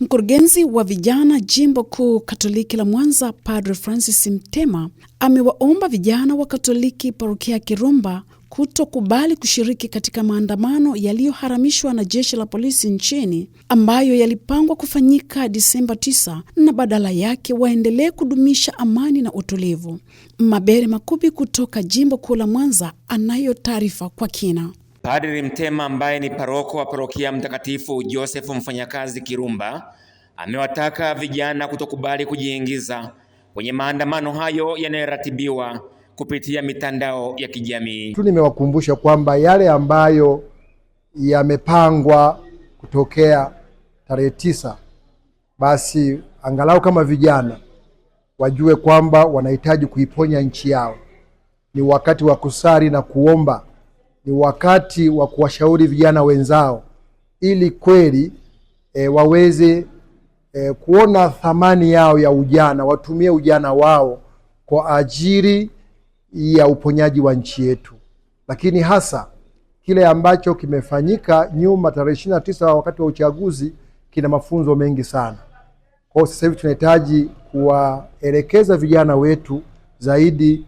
Mkurugenzi wa vijana jimbo kuu Katoliki la Mwanza, Padre Francis Mtema, amewaomba vijana wa Katoliki parokia ya Kirumba kutokubali kushiriki katika maandamano yaliyoharamishwa na jeshi la polisi nchini ambayo yalipangwa kufanyika Disemba 9 na badala yake waendelee kudumisha amani na utulivu. Mabere Makubi kutoka jimbo kuu la Mwanza anayo taarifa kwa kina. Padri Mtema ambaye ni paroko wa parokia Mtakatifu Joseph Mfanyakazi Kirumba amewataka vijana kutokubali kujiingiza kwenye maandamano hayo yanayoratibiwa kupitia mitandao ya kijamii. Tu nimewakumbusha kwamba yale ambayo yamepangwa kutokea tarehe tisa, basi angalau kama vijana wajue kwamba wanahitaji kuiponya nchi yao. Ni wakati wa kusali na kuomba ni wakati wa kuwashauri vijana wenzao ili kweli e, waweze e, kuona thamani yao ya ujana, watumie ujana wao kwa ajili ya uponyaji wa nchi yetu, lakini hasa kile ambacho kimefanyika nyuma tarehe ishirini na tisa wakati wa uchaguzi kina mafunzo mengi sana. Kwa hiyo sasa hivi tunahitaji kuwaelekeza vijana wetu zaidi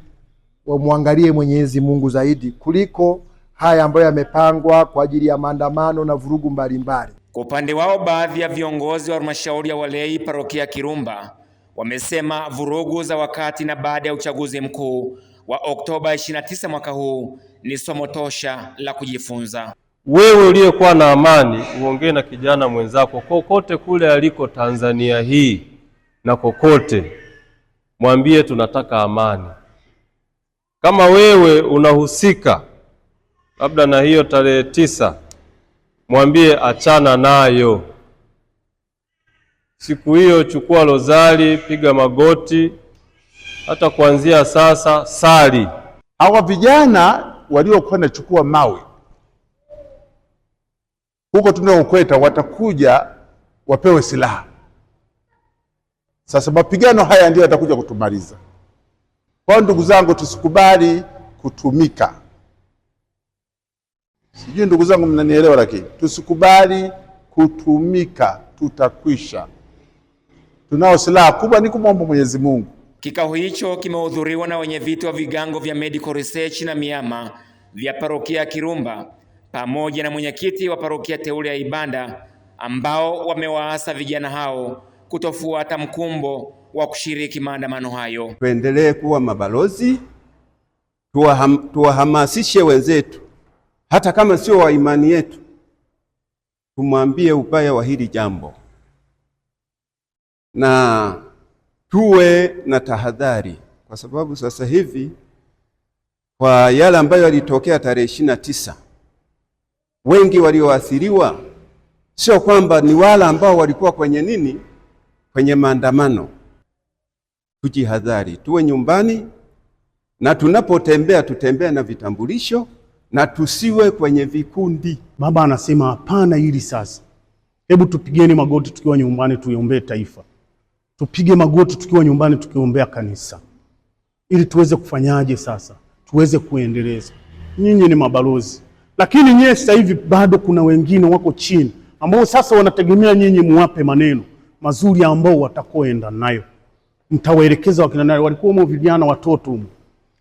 wamwangalie Mwenyezi Mungu zaidi kuliko haya ambayo yamepangwa kwa ajili ya maandamano na vurugu mbalimbali. Kwa upande wao, baadhi ya viongozi wa halmashauri ya walei parokia Kirumba wamesema vurugu za wakati na baada ya uchaguzi mkuu wa Oktoba 29 mwaka huu ni somo tosha la kujifunza. Wewe uliyekuwa na amani, uongee na kijana mwenzako kokote kule aliko Tanzania hii na kokote, mwambie tunataka amani. Kama wewe unahusika labda na hiyo tarehe tisa, mwambie achana nayo. Siku hiyo chukua rozari, piga magoti, hata kuanzia sasa sali. Hawa vijana waliokuwa wanachukua mawe huko tunaokweta watakuja wapewe silaha. Sasa mapigano haya ndiyo yatakuja kutumaliza. Kwa ndugu zangu, tusikubali kutumika. Sijui ndugu zangu mnanielewa, lakini tusikubali kutumika, tutakwisha. Tunao silaha kubwa, ni kumwomba Mwenyezi Mungu. Kikao hicho kimehudhuriwa na wenyeviti wa vigango vya Medical Research na miama vya parokia ya Kirumba pamoja na mwenyekiti wa parokia teule ya Ibanda ambao wamewaasa vijana hao kutofuata mkumbo wa kushiriki maandamano hayo. Tuendelee kuwa mabalozi, tuwahamasishe wenzetu hata kama sio wa imani yetu, tumwambie ubaya wa hili jambo na tuwe na tahadhari, kwa sababu sasa hivi kwa yale ambayo yalitokea tarehe ishirini na tisa, wengi walioathiriwa sio kwamba ni wale ambao walikuwa kwenye nini, kwenye maandamano. Tujihadhari, tuwe nyumbani na tunapotembea tutembee na vitambulisho na tusiwe kwenye vikundi. Baba anasema hapana hili sasa. Hebu tupigeni magoti tukiwa nyumbani, tuiombee taifa, tupige magoti tukiwa nyumbani, tukiombea kanisa, ili tuweze kufanyaje sasa, tuweze kuendeleza. Nyinyi ni mabalozi, lakini nyie sasa hivi bado kuna wengine wako chini ambao sasa wanategemea nyinyi muwape maneno mazuri ambao watakoenda nayo, mtawaelekeza wakina nani. Walikuwa vijana, watoto,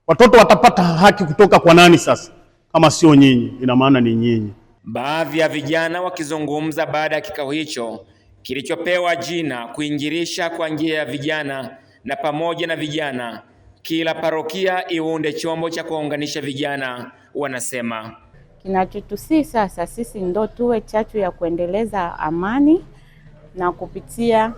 watoto watapata haki kutoka kwa nani sasa? ama sio nyinyi, ina maana ni nyinyi. Baadhi ya vijana wakizungumza baada ya kikao hicho kilichopewa jina kuingirisha kwa njia ya vijana, na pamoja na vijana kila parokia iunde chombo cha kuwaunganisha vijana, wanasema kinachotusii sasa sisi ndo tuwe chachu ya kuendeleza amani na kupitia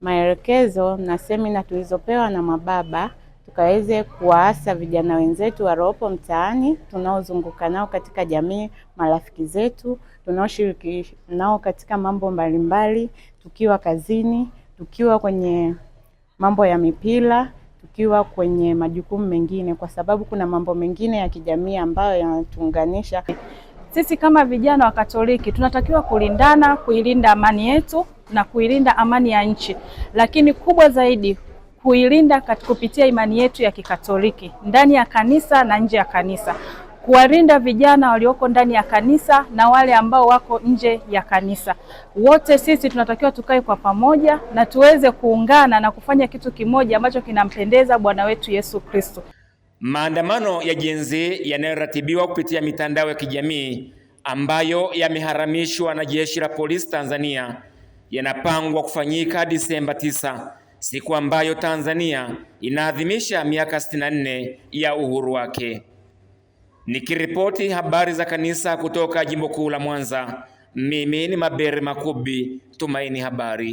maelekezo na semina tulizopewa na mababa tukaweze kuwaasa vijana wenzetu waliopo mtaani, tunaozunguka nao katika jamii, marafiki zetu tunaoshiriki nao katika mambo mbalimbali, tukiwa kazini, tukiwa kwenye mambo ya mipira, tukiwa kwenye majukumu mengine, kwa sababu kuna mambo mengine ya kijamii ambayo yanatuunganisha. Sisi kama vijana wa Katoliki tunatakiwa kulindana, kuilinda amani yetu na kuilinda amani ya nchi, lakini kubwa zaidi kuilinda kupitia imani yetu ya Kikatoliki ndani ya kanisa na nje ya kanisa, kuwalinda vijana walioko ndani ya kanisa na wale ambao wako nje ya kanisa. Wote sisi tunatakiwa tukae kwa pamoja na tuweze kuungana na kufanya kitu kimoja ambacho kinampendeza Bwana wetu Yesu Kristo. Maandamano ya jenzi yanayoratibiwa kupitia mitandao ya kijamii ambayo yameharamishwa na Jeshi la Polisi Tanzania yanapangwa kufanyika Disemba 9 siku ambayo Tanzania inaadhimisha miaka 64 ya uhuru wake. Nikiripoti habari za kanisa kutoka jimbo kuu la Mwanza, mimi ni Mabere Makubi, Tumaini Habari.